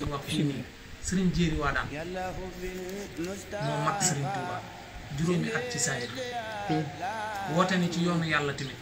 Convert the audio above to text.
doon wax chimie sëriñ jéeri waa daan moo mag sëriñ Tuuba juróomi at ci saayir woote ni ci yoonu yàlla tamit